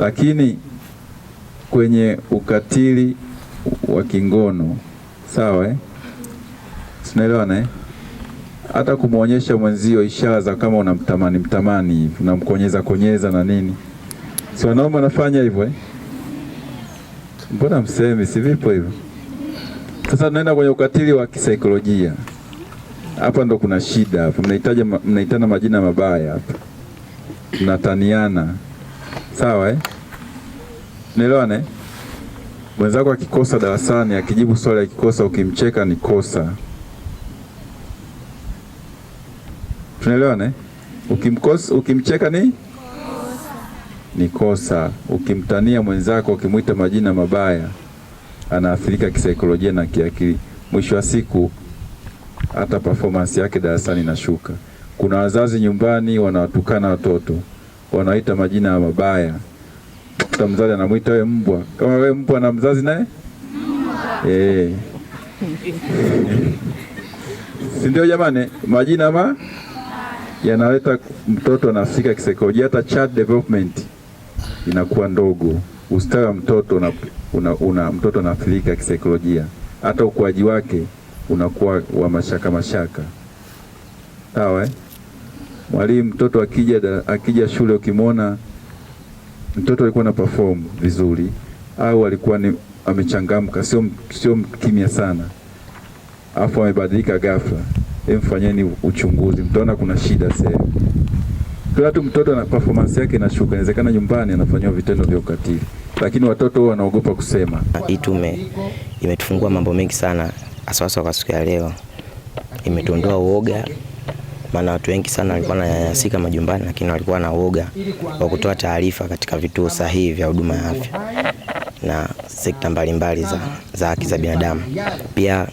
Lakini kwenye ukatili wa kingono sawa, eh? Tunaelewana eh? Hata kumwonyesha mwenzio ishara za kama unamtamani mtamani hivi unamkonyeza konyeza na nini, si wanaume wanafanya hivyo eh? Mbona msemi, si vipo hivyo? Sasa tunaenda kwenye ukatili wa kisaikolojia. Hapa ndo kuna shida, hapa mnahitaji mnaitana majina mabaya, hapa mnataniana sawa eh? Nielewane, mwenzako akikosa darasani, akijibu swali akikosa, ukimcheka ni kosa. Tunaelewane, ukimkosa, ukimcheka ni ni kosa. Ukimtania mwenzako, ukimwita majina mabaya, anaathirika kisaikolojia na kiakili. Mwisho wa siku, hata performance yake darasani inashuka. Kuna wazazi nyumbani wanawatukana watoto wanaita majina mabaya. Kuta mzazi anamwita wewe mbwa, kama wewe mbwa na mzazi naye eh, si ndio? Jamani, majina ma yanaleta mtoto anafika kisaikolojia, hata child development inakuwa ndogo, ustawi wa mtoto una, una, una mtoto anafika kisaikolojia, hata ukuaji wake unakuwa wa mashaka mashaka, sawa eh? Mwalimu mtoto akija da, akija shule ukimwona mtoto alikuwa na perform vizuri au alikuwa ni amechangamka, sio sio kimya sana, afu amebadilika ghafla, emfanyeni uchunguzi, mtaona kuna shida sehemu. Kila tu mtoto na performance yake inashuka, inawezekana nyumbani anafanywa vitendo vya ukatili, lakini watoto wanaogopa kusema. Hii tume imetufungua mambo mengi sana, hasa kwa siku ya leo, imetuondoa uoga maana watu wengi sana walikuwa wananyanyasika majumbani, lakini walikuwa na uoga wa kutoa taarifa katika vituo sahihi vya huduma ya afya na sekta mbalimbali za, za haki za binadamu. Pia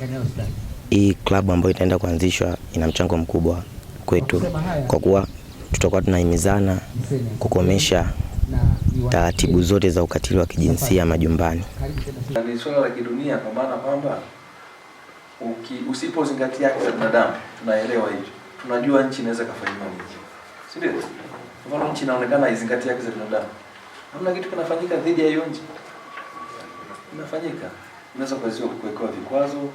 hii klabu ambayo itaenda kuanzishwa ina mchango mkubwa kwetu, kwa kuwa tutakuwa tunahimizana kukomesha taratibu zote za ukatili wa kijinsia majumbani. Ni swala la kidunia, kwa maana kwamba usipozingatia haki za binadamu, tunaelewa hivyo tunajua nchi inaweza kafanyiwa nini, si ndio? Kwa nchi inaonekana haizingatii haki za binadamu, hamna kitu kinafanyika dhidi ya hiyo nchi, inafanyika. Unaweza kuwezewa kuwekewa vikwazo,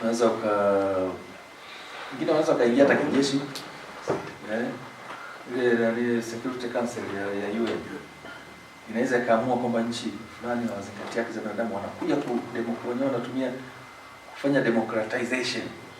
unaweza uka ingine unaweza kaingia hata kijeshi eh, ile ya Security Council ya, ya UN inaweza kaamua kwamba nchi fulani wazingatia haki za binadamu, wanakuja tu demokrasia wanatumia kufanya democratization